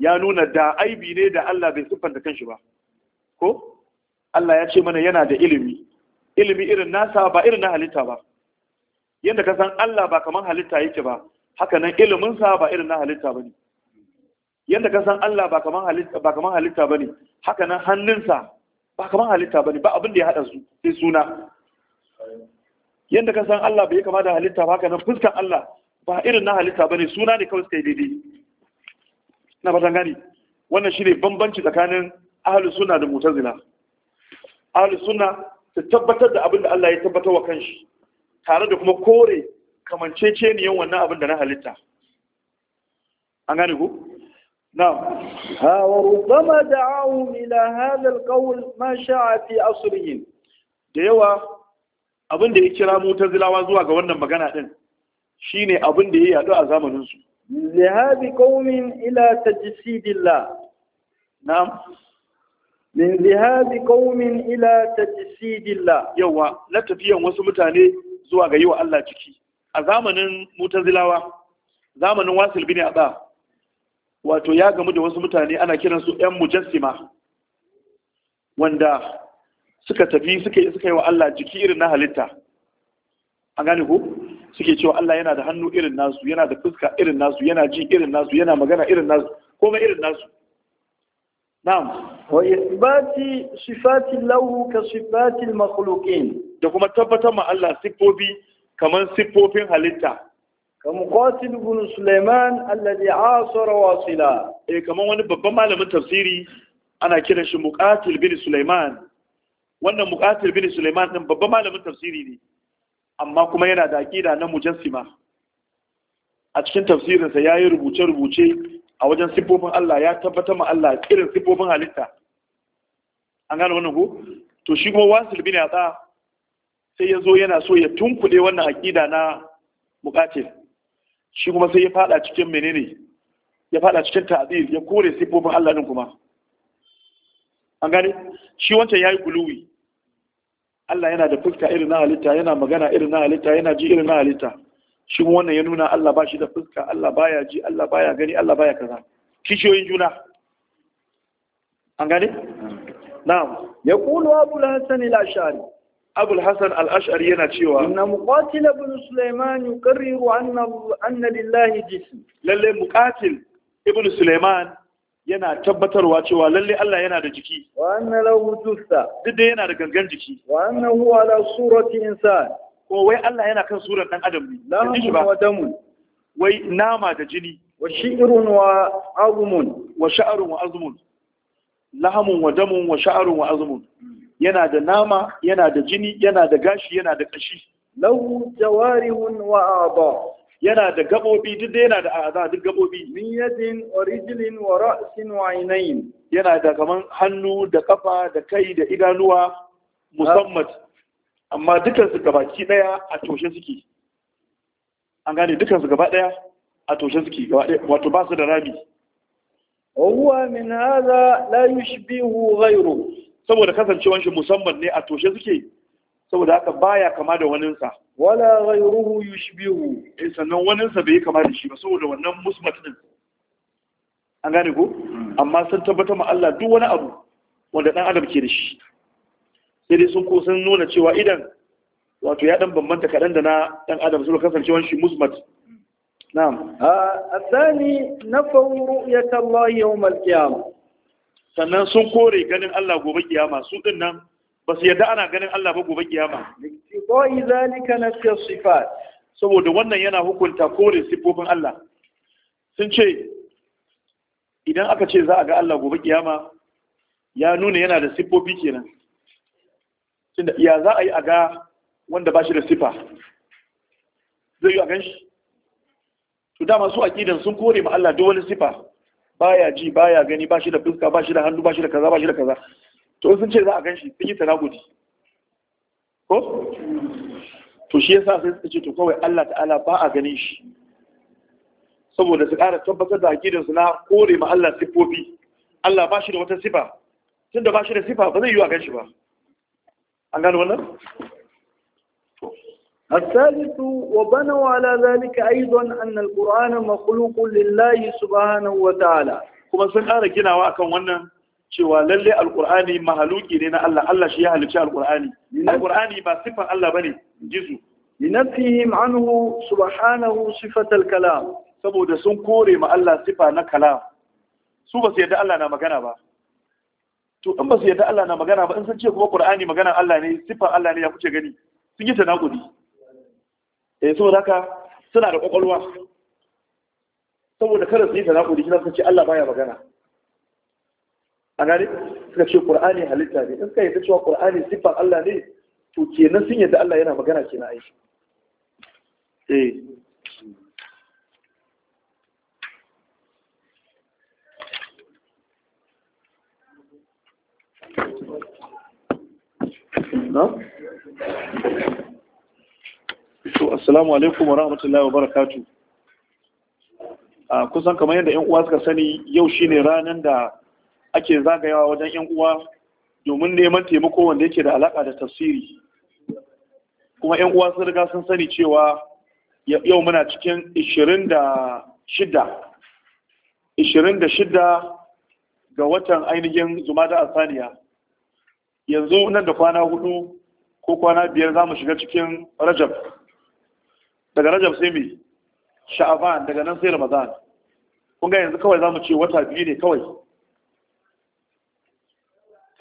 ya nuna da aibi ne da Allah bai da kanshi ba ko Allah ya ce mana yana da ilimi ilimi irin nasa ba irin na halitta ba yadda ka san Allah ba kamar halitta yake ba haka nan iliminsa ba irin na halitta ba ne yadda ka san Allah ba kamar halitta ba ne haka nan hannunsa ba kamar halitta ba ne ba abin da ya haɗa su sai suna yadda ka san Allah bai kama da halitta ba nan fuskar Allah ba irin na halitta bane suna ne kawai sai daidai na fatan gani wannan shine bambanci tsakanin ahli sunna da mu'tazila ahli sunna su tabbatar da abin da Allah ya tabbatar wa kanshi tare da kuma kore kamanceceniyan wannan abin da na halitta an gane ku نعم ها وربما دعاهم إلى هذا القول ما شاء في عصرهم ديوا abin da ya kira zilawa zuwa ga wannan magana din shine abin da ya yadu a zamanin su li hadi qaumin ila tajsidillah na'am min zihabi qaumin ila tajsidillah yawa na tafiyan wasu mutane zuwa ga yiwa Allah ciki a zamanin mutazilawa zamanin wasil bin aba wato ya gamu da wasu mutane ana kiransu yan mujassima wanda suka tafi suka yi suka yi wa Allah jiki irin na halitta an gane ku! suke cewa Allah yana da hannu irin nasu yana da fuska irin nasu yana ji irin nasu yana magana irin nasu kuma irin nasu na'am wa isbati sifati lahu ka sifati makhluqin da kuma tabbatar ma Allah siffofi kamar siffofin halitta kam qatil ibn sulaiman alladhi asara wasila eh kamar wani babban malamin tafsiri ana kiran shi muqatil bin sulaiman wannan muƙatar bin Suleiman din babban malamin tafsiri ne amma kuma yana da aqida na mujassima a cikin tafsirinsa ya yi rubuce-rubuce a wajen siffofin Allah ya tabbatar ma Allah irin siffofin halitta an gane wannan ko to shi kuma wasil bin yatsa sai ya zo yana so ya tunkuɗe wannan aƙida na muƙatil shi kuma sai ya faɗa cikin menene ya faɗa cikin ta'dil ya kore siffofin Allah din kuma an gane shi wancan yayi guluwi Allah yana da fuska irin na halitta yana magana irin na halitta yana ji irin na halitta shi wannan ya nuna Allah ba shi da fuska Allah baya ji Allah baya gani Allah baya kaza kishiyoyin juna an gane na'am yaqulu abul hasan al-ashari abul hasan al-ashari yana cewa inna muqatil ibn sulaiman yuqarriru anna anna lillahi jism lalle muqatil ibn sulaiman yana tabbatarwa cewa lalle Allah yana da jiki wa anna lahu jufta duk da yana da gangan jiki wa annahu ala surati insan ko wai Allah yana kan surar dan adam ne lamu wa damun wai nama da jini wa shi'run wa azmun wa sha'run wa azmun lahamun wa damun wa sha'run wa azmun yana da nama yana da jini yana da gashi yana da kashi lahu jawarihun wa a'dha yana da gabobi duk da yana da a'aza duk gabobi min yadin orijinin wa ra'sin wa ainain yana da kaman hannu da kafa da kai da idanuwa musamman amma dukan su gabaki daya a toshe suke an gane dukan su gaba daya a toshe suke gaba daya wato ba su da rabi huwa min hadha la yushbihu ghayru saboda kasancewan shi musamman ne a toshe suke saboda haka baya kama da waninsa wala ghayruhu yushbihu eh sannan waninsa bai kama da shi ba saboda wannan musmat din an gane ko hmm. amma sun tabbatar ma Allah duk wani abu wanda dan adam ke da shi sai dai sun ko sun nuna cewa idan wato ya dan bambanta kadan da na dan adam sun kasancewan shi musmat na'am athani nafaw ru'yat Allah yawm al-qiyamah sannan sun kore ganin Allah gobe kiyama su din nan ba su yadda ana ganin Allah ba gobe kiyama ko zalika na sifat saboda wannan yana hukunta kore sifofin Allah sun ce idan aka ce za a ga Allah gobe kiyama ya nuna yana da sifofi kenan tunda ya za a yi a ga wanda ba shi da sifa zai yi a ganshi to dama su aqidan sun kore ma Allah duk wani sifa baya ji baya gani ba shi da fuska ba shi da hannu ba shi da kaza ba shi da kaza to sun ce za a gan shi sun yi tanagudi ko to shi yasa sai suka ce to kawai Allah ta'ala ba a ganin shi saboda su ƙara tabbatar da aƙidar su na kore ma Allah siffofi Allah ba shi da wata sifa tunda ba shi da sifa ba zai yi a gan shi ba an gano wannan الثالث وبنوا على ذلك أيضا أن القرآن مخلوق لله سبحانه وتعالى كما سنعرف كنا وأكون wannan cewa lalle alqur'ani mahaluki ne na Allah Allah shi ya halicci alqur'ani alqur'ani ba sifan Allah bane jisu linafihim anhu subhanahu sifatal kalam saboda sun kore ma Allah sifa na kalam su ba su yadda Allah na magana ba to in ba su yadda Allah na magana ba in sun ce kuma Qur'ani magana Allah ne sifan Allah ne ya kuce gani sun yi tanakudi eh saboda haka suna da kwakwalwa saboda kada su yi tanakudi kina sun ce Allah baya magana a gane suka ce qur'ani halitta ne in suka yadda cewa qur'ani siffar Allah ne to kenan sun yadda Allah yana magana kenan ai eh na? assalamu alaikum wa rahmatullahi wa barakatu ah, kusan kamar yadda 'yan uwa suka sani yau shine ranar da ake zagayawa wajen yan uwa domin neman taimako wanda yake da alaka da tafsiri kuma yan uwa sun riga sun sani cewa yau muna cikin 26 26 ga watan ainihin zumada asaniya yanzu nan da kwana hudu ko kwana biyar za mu shiga cikin rajab daga rajab sai mai sha'aban daga nan sai ramadan kun ga yanzu kawai za mu ce wata biyu ne kawai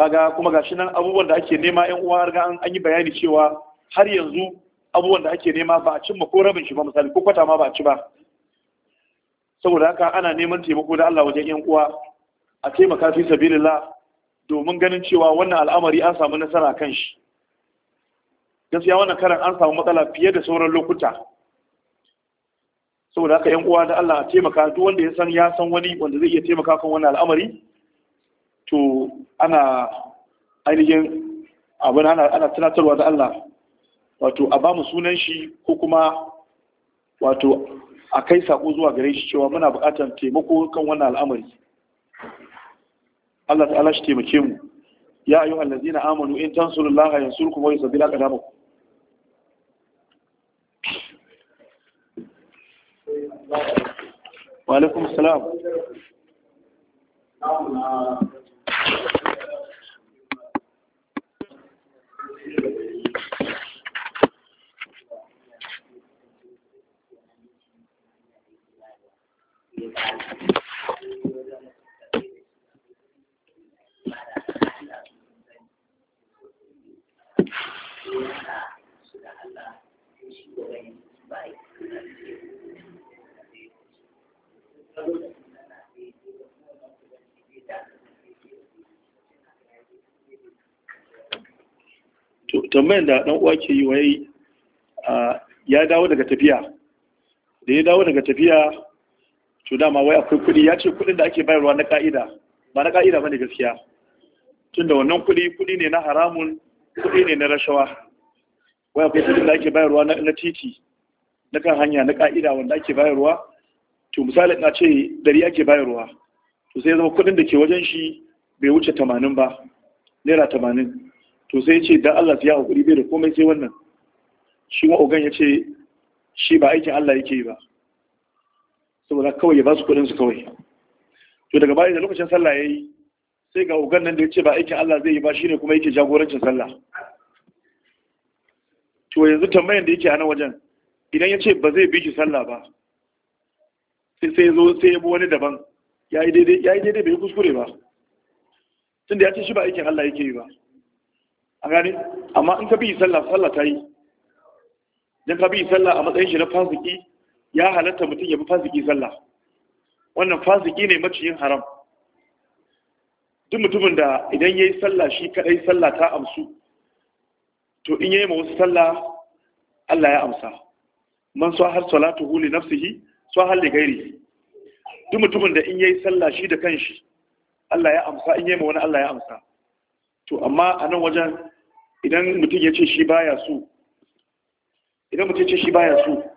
kaga kuma gashi nan abubuwan da ake nema yan uwa riga an yi bayani cewa har yanzu abubuwan da ake nema ba a ma ko rabin shi ba misali ko kwata ma ba a ci ba saboda haka ana neman taimako da Allah wajen yan uwa a taimaka fi sabilillah domin ganin cewa wannan al'amari an samu nasara kan shi gaskiya wannan karan an samu matsala fiye da sauran lokuta saboda haka yan uwa da Allah a taimaka duk wanda ya san ya san wani wanda zai iya taimaka kan wannan al'amari to ana ainihin abin ana tunatarwa da Allah wato a bamu sunan shi ko kuma wato a kai sako zuwa gare shi cewa muna buƙatar taimako kan wannan al'amari Allah ta'ala shi taimake mu ya ayyuhal ladzina amanu in sulku mawai wa yusabbit aqdamakum wa alaikum salam tambayan da ɗan uwa ke yi wai ya dawo daga tafiya da ya dawo daga tafiya to dama wai akwai kuɗi ya ce kuɗin da ake bayarwa na ka'ida ba na ka'ida ne gaskiya tunda wannan kuɗi kuɗi ne na haramun kuɗi ne na rashawa wai akwai kuɗin da ake bayarwa na titi na kan hanya na ka'ida wanda ake bayarwa to misali na ce dari ake bayarwa to sai zama kuɗin da ke wajen shi bai wuce tamanin ba naira tamanin to sai ce dan Allah ya hakuri bai da komai sai wannan shi ma ogan ya ce shi ba aikin Allah yake yi ba saboda kawai ya ba su su kawai to daga baya da lokacin sallah ya yi sai ga ogan nan da ya ce ba aikin Allah zai yi ba shi ne kuma yake jagorancin sallah to yanzu tambayan da yake a nan wajen idan ya ce ba zai bi shi sallah ba sai ya zo sai ya bi wani daban ya yi daidai bai kuskure ba tun da ya ce shi ba aikin Allah yake yi ba a gani amma in ka bi sallah sallah ta yi dan ka bi sallah a matsayin shi na fasiki ya halatta mutum ya bi fasiki sallah wannan fasiki ne maciyin haram duk mutumin da idan ya yi sallah shi kadai sallah ta amsu to in ya yi ma wasu sallah Allah ya amsa man so har salatu huli nafsihi so har gairi duk mutumin da in ya yi sallah shi da kanshi Allah ya amsa in ya yi ma wani Allah ya amsa to amma a nan wajen idan mutum ya ce shi baya so idan mutum ya ce shi baya so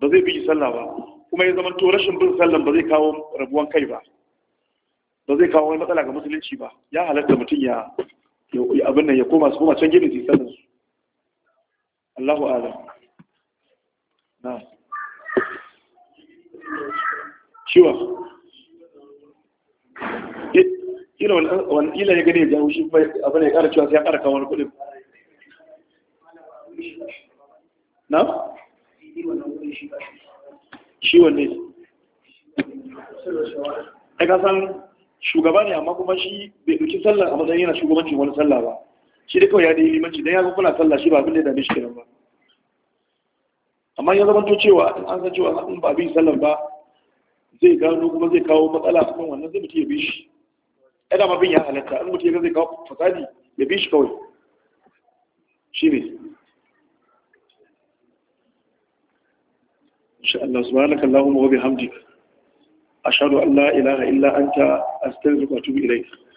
ba zai bi sallah ba kuma ya zama rashin bin sallan ba zai kawo rabuwan kai ba ba zai kawo wani matsala ga musulunci ba ya halatta mutum ya abin nan ya koma su kuma can gini su sallan su Allahu a'lam na ciwa ila wani ila ya gani ya jawo shi kuma abin ya kara cewa sai ya kara kawo wani kuɗin na shi wanne ai ka shugaba ne amma kuma shi bai ɗauki sallah a matsayin yana shugabancin wani sallah ba shi da kawai ya dai limanci dan ya ga kuna sallah shi ba abin da ya dame shi kenan ba amma ya zama to cewa an san cewa in ba bin sallah ba zai gano kuma zai kawo matsala a kan wannan zai mutu ya bi shi ya dama bin ya halatta in mutu ya zai kawo fasadi ya bi shi kawai shi ne insha Allah subhanaka Allahumma wa bihamdika ashhadu an la ilaha illa anta astaghfiruka wa atubu ilayk